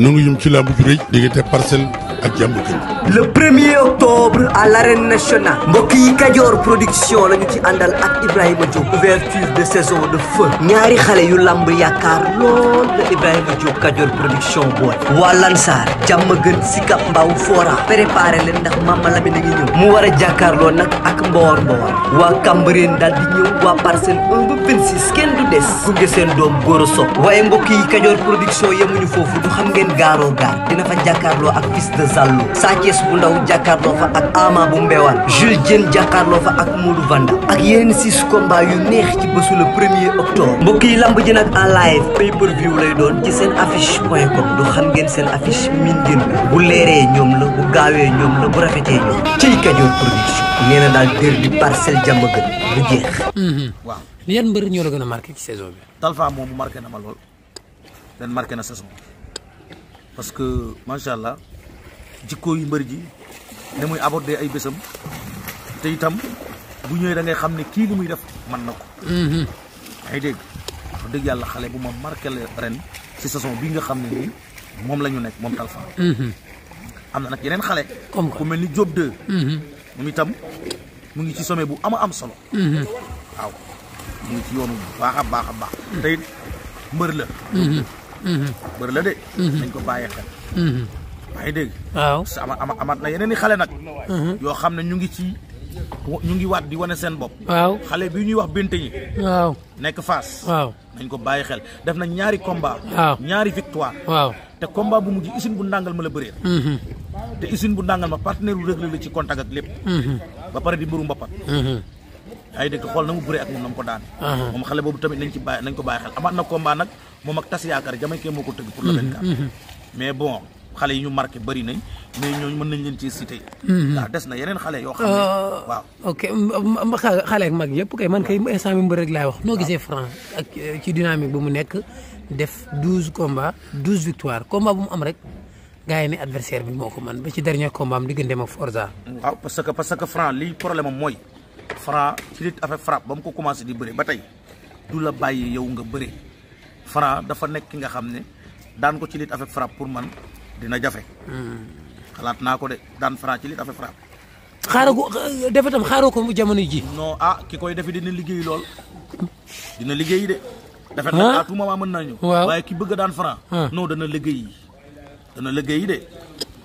nu ngi yum ci làmb ju rëy diggante parcelle ak jàmbur kañ. le premier octobre à l'arène nationale. mbokk yi Kajoor production la ñu ci àndal ak Ibrahima Diop. ouverture de saison de feu. ñaari xale yu lamb yaakaar lool la Ibrahima Diop Kajoor production boole. waa Lansar jàmm gën Sikap Mbao Fora. préparé leen ndax Mama Lamine a ngi ñëw. mu war a jàkkaarloo nag ak Mbowar Mbowar. waa Cambérène daal di ñëw waa parcelle 1 ba 26 kenn du des. gunge seen doom góor a waaye mbokk yi Kajoor production yemuñu foofu xam ngeen gaaroo gaar dina ak Zallo Sa bu ndaw jàkkaarloo fa ak Ama bu Mbewaan Jules Diène jàkkaarloo fa ak Modou Vanda ak yeneen six combats yu neex ci bésu premier octobre mbokk yi lamb ji nag en live pay per view lay doon ci seen affiche point com du xam ngeen seen affiche min ngeen bu leeree ñoom la bu gaawee ñoom la bu rafetee ñoom ciy Kajoor production nee na daal dér di parcelle jàmm gën bu jeex mhm. waaw yan mbër ñoo la gën a marqué ci saison bi Talfa moom marqué na ma lool ren marqué na saison jikkoo yu mbër ji ne muy aborder ay bésam te itam bu ñëwee da xam ne kii li muy def mën na ko mhm. yaa ngi dégg wax dëgg yàlla xale bu ma marqué la ren si saison bi nga xam ne nii moom la ñu nekk moom Talfa mhm. am na nag yeneen xale comme ku mel ni Diop 2 mhm. moom itam mu ngi ci some bu ama am solo waaw mu ngi ci yoonu baax a baax a baax te it mbër la mbër la de nañ ko bàyyee xel maa ngi dégg. waaw ama amaat na yeneen i xale nag. Uh-huh. yoo xam ne ñu ngi ci ñu ngi waat di wane seen bopp. waaw xale bi ñuy wax bint ñi. waaw nekk Fass. waaw nañ ko bàyyi xel def na ñaari combat. waaw ñaari victoire. te combat bu mujj usine bu ndàngal ma la bëree. Uh-huh. te usine bu ndàngal ma partenaire bu réglé la ci contact ak lépp. Uh-huh. ba pare di mbëru mbapat. yaa ngi dégg xool na mu ak moom na ko daane. moom xale boobu tamit nañ ci bàyyi nañ ko bàyyi xel amaat na combat nag moom ak tas yaakaar jamay ko tëgg. pour le 24. mais bon. xale yi ñu marqué bari nañ mais ñooñu mën nañ leen ci cité. waaw mhm. des na yeneen xale yoo xam ne euh, waaw. xale ak mag yëpp kay man kay instant bi mbër rek laay wax. noo gisee Franc ak euh, ci dynamique bu mu nekk def douze combats douze victoires combat bu mu am rek gars yi ne adversaire bi moo ko man ba ci dernier combat am digganteem ak Forza. waaw parce que parce que Franc li problème am mooy Franc ci lutte avec frappe ba mu ko commencé di bëre ba tey du la bàyyi yow nga bëre Franc dafa nekk ki nga xam ne daan ko ci lutte avec frappe man. dina jafe. xalaat naa ko de daan Franc ci li dafa Franc. xaaral ko defe jamono ji. non a ah, ki koy defe dina liggéey lool dina liggéey de. dafa na à tout mën naa ñëw. waaye ki bëgg daan Franc. non dana liggéey dana liggéey de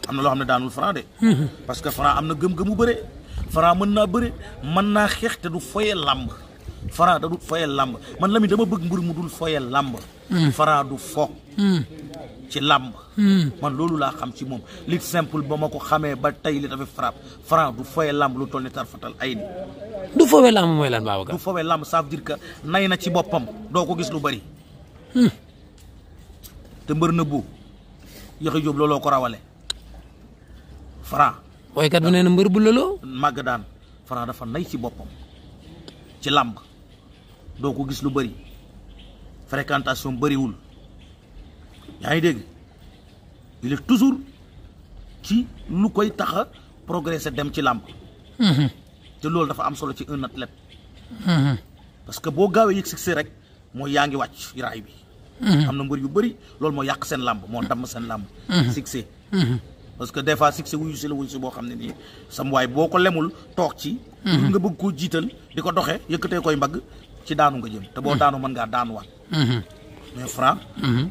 am na loo xam ne daanul Franc de. Hmm. parce que Franc am na gëm-gëmu bëre. Franc mën naa bëre man naa xeex te du foye làmb faraa da du foye làmb mi dama bëgg mbir mu dul foye ci làmb hmm. man loolu laa xam ci moom lit simple ba ma ko xamee ba tey li dafa frappe franc du foye làmb lu toll ni tar fatal ay ni du fowe làmb mooy lan Babacar du fowe làmb ça dire que nay na ci boppam doo ko gis lu bari hmm. te mbër na bu yaxi jóob ko rawale franc woykat bu na mbër bu màgg daan franc dafa ci boppam làmb doo ko gis lu bari fréquentation bariwul yaa ngi dégg il toujours ci lu koy tax a progresser dem ci làmb mhm. te loolu dafa am solo ci un athlète mhm. parce que boo gaawee yëg succès rek mooy yaa ngi wàcc raay bi mhm. am na mbër yu bëri loolu moo yàq seen làmb moo damm seen làmb succès parce que des fois succès wuyu si la wuyu si boo xam ne nii sam waay boo ko lemul toog ci nga bëgg koo jiital di ko doxee yëkkatee koy mbagg ci daanu nga jëm te boo daanu mën ngaa daanuwaat mais Franc.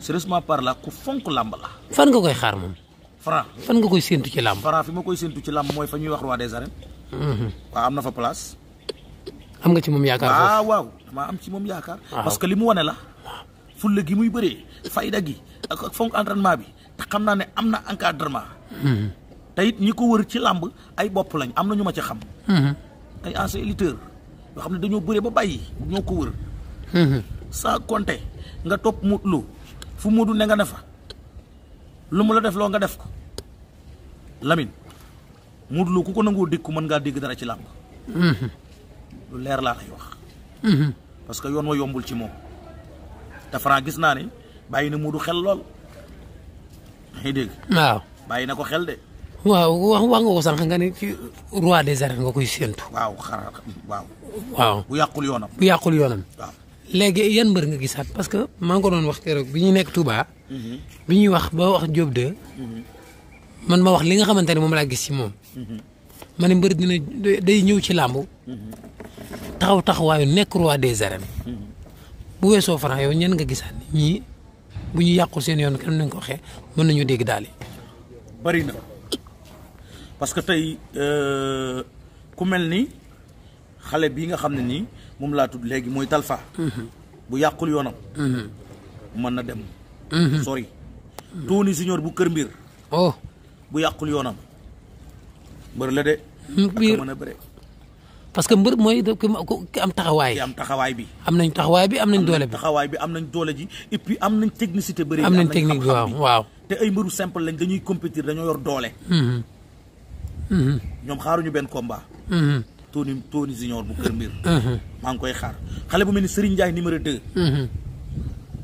sérieusement par là ku fonk làmb la. fan nga koy xaar moom. Franc fan nga koy séentu ci làmb. Franc fi ma koy séentu ci làmb mooy fa ñuy wax roi des arènes. Mhm. waaw am na fa place. am nga ci moom yaakaar ah waaw maa am ci moom yaakaar. parce que li mu wane la. fulla gi muy bëree fayda gi ak fonk entraînement bi te xam naa ne am na encadrement. Mhm. te it ñi ko wër ci làmb ay bopp lañ am na ñu ma ci xam. Mhm. ay anciens lutteurs yoo xam ne dañoo bëree ba bàyyi ñoo ko saa compter nga topp Modou Lo fu Modou ne nga ne lu mu la def loo nga def ko Lamine Modou Lo ku ko nangoo dégg ko mën ngaa dégg dara ci làmb mhm. lu leer laa lay wax mhm. parce que yoon wa yombul ci moom te gis naa ne bàyyi na Modou xel lool ngay dégg waaw bàyyi na ko xel de waaw wax wax nga nga ne ci roi des arènes nga koy waaw waaw bu yàqul yoonam bu yàqul yoonam léegi yan mbër nga gisaat parce que maa ngi ko doon wax keroog bu ñuy nekk Touba. Mhm. bi ñuy wax ba wax Diop 2. Mhm. man ma wax li nga xamante ne moom laa gis ci moom. Mhm. ma ne mbër dina day ñëw ci làmb. taxaw taxawaayu nekk roi des arènes. bu weesoo Franc yow ñen nga gisaat ñii bu ñu yàqu seen yoon kenn nañ ko waxee mën nañu dégg daal. bari na parce que tey euh, ku mel ni xale bii nga xam ne nii. moom laa tudd léegi mooy talfa mhm. bu yàqul yoonam mhm. mën na dem mhm. sori tuuni siñoor bu kër mbir oh. bu yàqul yoonam mbër la de mbir a bëre parce que mbër mooy ki am taxawaay. ki am taxawaay bi. am nañ taxawaay bi am nañ doole bi bi am nañ doole ji et am nañ technicité bari am nañ technique bi waaw waaw. te ay mbëru simple lañ dañuy compétir dañoo yor doole. ñoom xaaruñu benn combat. Tony Tony Junior bu Kër Mbir. maa ngi koy xaar xale bu mel ni Serigne Ndiaye numéro 2.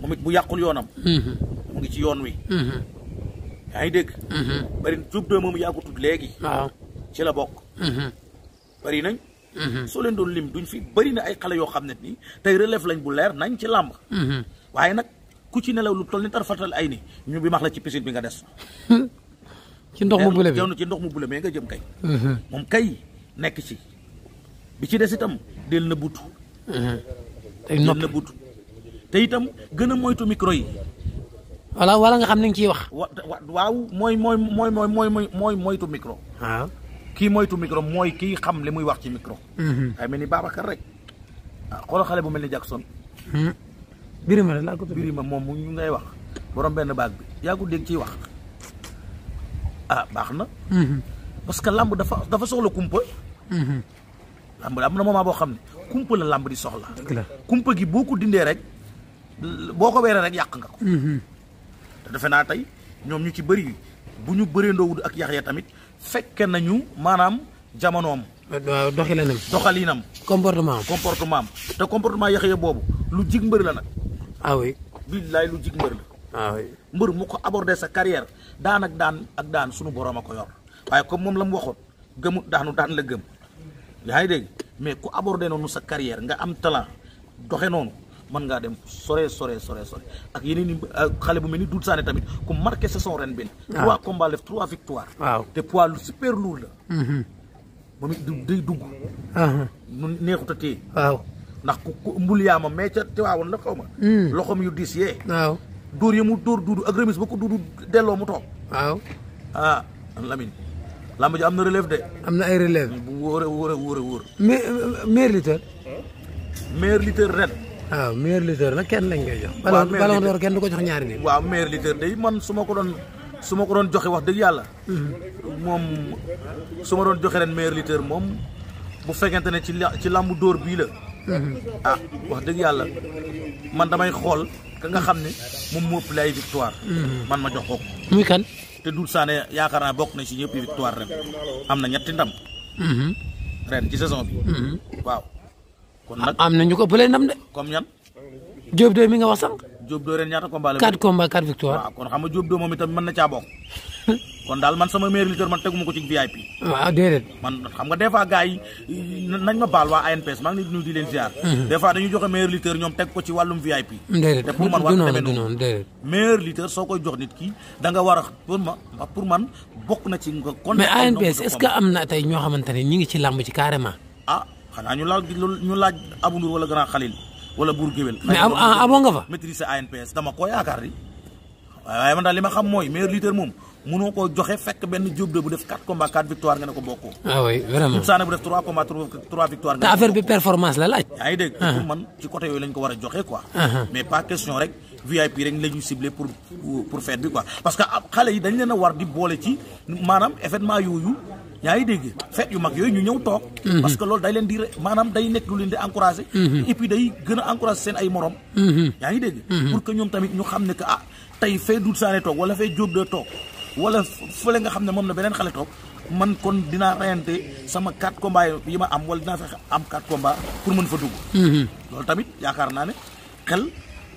moom it bu yàqul yoonam. mu ngi ci yoon wi. yaa ngi dégg. bari suuf de moom yaa léegi. ci la bokk. bari nañ. soo leen doon lim duñ fi bari na ay xale yoo xam ne nii tey relève lañ bu leer nañ ci làmb. waaye nag ku ci nelaw lu toll ni tar fatal ay ni ñu bi max la ci piscine bi nga des. ci ndox mu bule bi ci ndox mu bule mais nga jëm kay. moom kay nekk ci. bi ci des itam del na butu tey na butu te itam gën a moytu micro yi. wala wala nga xam ni nga ciy wax. wa waaw mooy mooy mooy mooy mooy mooy moytu micro. waaw ah. kii moytu micro mooy kii xam li muy wax ci micro. Mhm. mel ni Babacar rek ah bu mel ni Jackson. Hmm. Birima la moom mu ñu ngay wax boroom benn baag bi yaa ko dégg ciy wax ah baax na. Mhm. parce que làmb dafa dafa soxla kumpa. Mhm. làmb am na moment boo xam ne kumpa la di soxla. kumpa gi boo ko dindee rek boo ko weeree rek yàq nga ko. Mm-hmm. te defe naa tey ñoom ñu ci bëri bu ñu bëree ndoowul ak ya tamit fekke nañu maanaam jamonoom. waaw doxalinam doxalinam. comportement am comportement am te comportement Yaxya boobu lu jig mbër la nag. ah oui. billaay lu jig mbër la. ah mu ko abordé sa carrière daan ak daan ak daan sunu borom a ko yor waaye comme moom la mu waxoon gëmu daanu daan la gëm. yaa ngi dégg mais ku abordé noonu sa carrière nga am talent doxe noonu mën ngaa dem sore sore sore sore ak yeneen i xale bu mel ni Doudou Sané tamit ku marqué saison ren bi. waaw ah. trois combats def trois victoire. waaw te poids lu super lourd la. Mm-hmm. moom du day dugg. Uh-huh. nu neexut a téye. waaw ndax ku ku mbul yaama mais ca teewaawoon la xaw ma. Mm. loxoom yu diis yee. waaw dóor yi mu dóor duudu ak remise ba ko duudu delloo mu toog. waaw ah Lamine. làmb ji am na relève de. am na ay relève. bu wóoree wóoree wóoree wóor. mais meilleur lutteur. meilleur lutteur ren. waaw meilleur lutteur nag kenn lañ koy jox. waaw meilleur ballon d'or kenn du ko jox ñaari nit. waaw meilleur lutteur day man su ma ko doon su ma ko doon joxe wax dëgg yàlla. Mhm. moom su ma doon joxe ren meilleur lutteur moom bu fekkente ne ci ci làmb dóor bii la. Mhm. ah wax dëgg yàlla man damay xool. ka nga xam ne moom moo ëpp lay victoire. Mhm. man ma jox ko. muy kan. te Doudou Sané yaakaar naa bokk na ci ñëpp victoire ren am na ñetti ndam. Mhm. ren ci saison bi. Mhm. waaw kon nag am na ñu ko bële ndam de. comme ñan. Diop Dóor mi nga wax sànq. Diop Dóor ren ñaata combat la. 4 combat 4 victoire. waaw kon xam nga Diop Dóor moom itam mën na caa bokk. kon daal man sama meilleur lutteur man teguma ko ci VIP. waaw ah, déedéet. man xam nga des fois gars yi nañ ma baal waa ANPS maa ngi leen di nuyu di leen ziar. Mm-hmm. des fois dañuy joxe meilleur lutteur ñoom teg ko ci wàllum VIP. déedéet te pour man war demee noonu déedéet. meilleur lutteur soo koy jox nit ki da nga war a pour ma pour man bokk na ci nga. kon mais ANPS est-ce que am na tey ñoo xamante ne ñu ngi ci làmb ci carrément. ah xanaa ñu laaj ñu laaj Abou Ndour wala Grand Khalil wala Bour Guéwél. mais ah, aboo nga fa maîtriser ANPS dama ko yaakaar ni. waaye man daal li ma xam mooy meilleur lutteur moom mënoo koo joxe fekk benn Diop de bu def 4 combats 4 victoire nga ne ko bokkoo. ah oui vraiment Diouf Sané bu def 3 combats 3 victoire. nga ne ko bi performance la laaj. yaa ngi dégg ah. man ci côté yooyu lañ ko war a joxe quoi. Ah. mais pas question rek VIP rek la ñu ciblé pour pour fête bi quoi parce que xale yi dañ leen a war di boole ci maanaam événement yooyu. yaa ngi dégg fête yu mag yooyu ñu ñëw toog mhm. parce que loolu day leen di maanaam day nekk lu leen di encouragé mhm. et puis day gën a seen ay morom mhm. yaa ngi dégg pour que ñoom tamit ñu xam ne que ah tey fee duut saane toog wala fee jóob de toog wala fële nga xam ne moom la beneen xale toog man kon dina reyante sama quatre combats yi ma am wala dinaa fexe am ko combats pour mën fa dugg loolu tamit yaakaar naa ne xel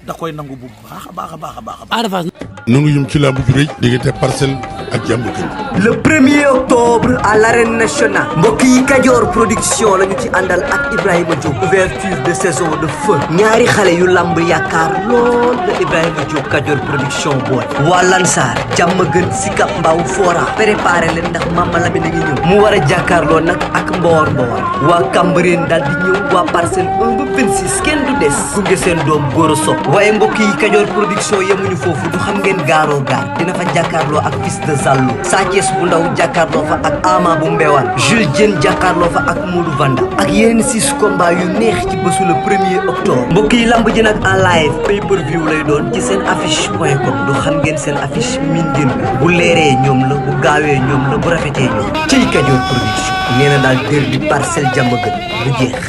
da koy nangu bu baax a baax a baax baax a baax nangu yum ci laa bu jurëj diggante ak le premier octobre à l'arène nationale mbokk yi Kajoor production la ñu ci àndal ak Ibrahima Diop ouverture de saison de feu ñaari xale yu lamb yaakaar lool la Ibrahima Diop Kajoor production boole waa Lansar jàmm gën Sikap Mbao Fora préparé leen ndax Mama Lamine a ngi ñëw mu war a jàkkaarloo nag ak Mboor Mboor waa Cambérène daal di ñëw waa parcelle 1 ba 26 kenn du des gunge seen doom góor a waaye mbokk yi Kajoor production yemuñu foofu xam ngeen gaaroo gaar dina fa jàkkaarloo ak Zallo Sa bu ndaw jàkkaarloo fa ak Ama bu Mbewaan Jules Diène jàkkaarloo fa ak Modou Vanda ak yeneen si combats yu neex ci bésu premier octobre mbokk yi lamb ji nag en live pay lay doon ci seen affiche point du xam ngeen seen affiche min ngeen bu leeree ñoom la bu gaawee ñoom la bu rafetee ñoom cëy Kajoor production nee na daal dër di parcelle jàmm gën bu jeex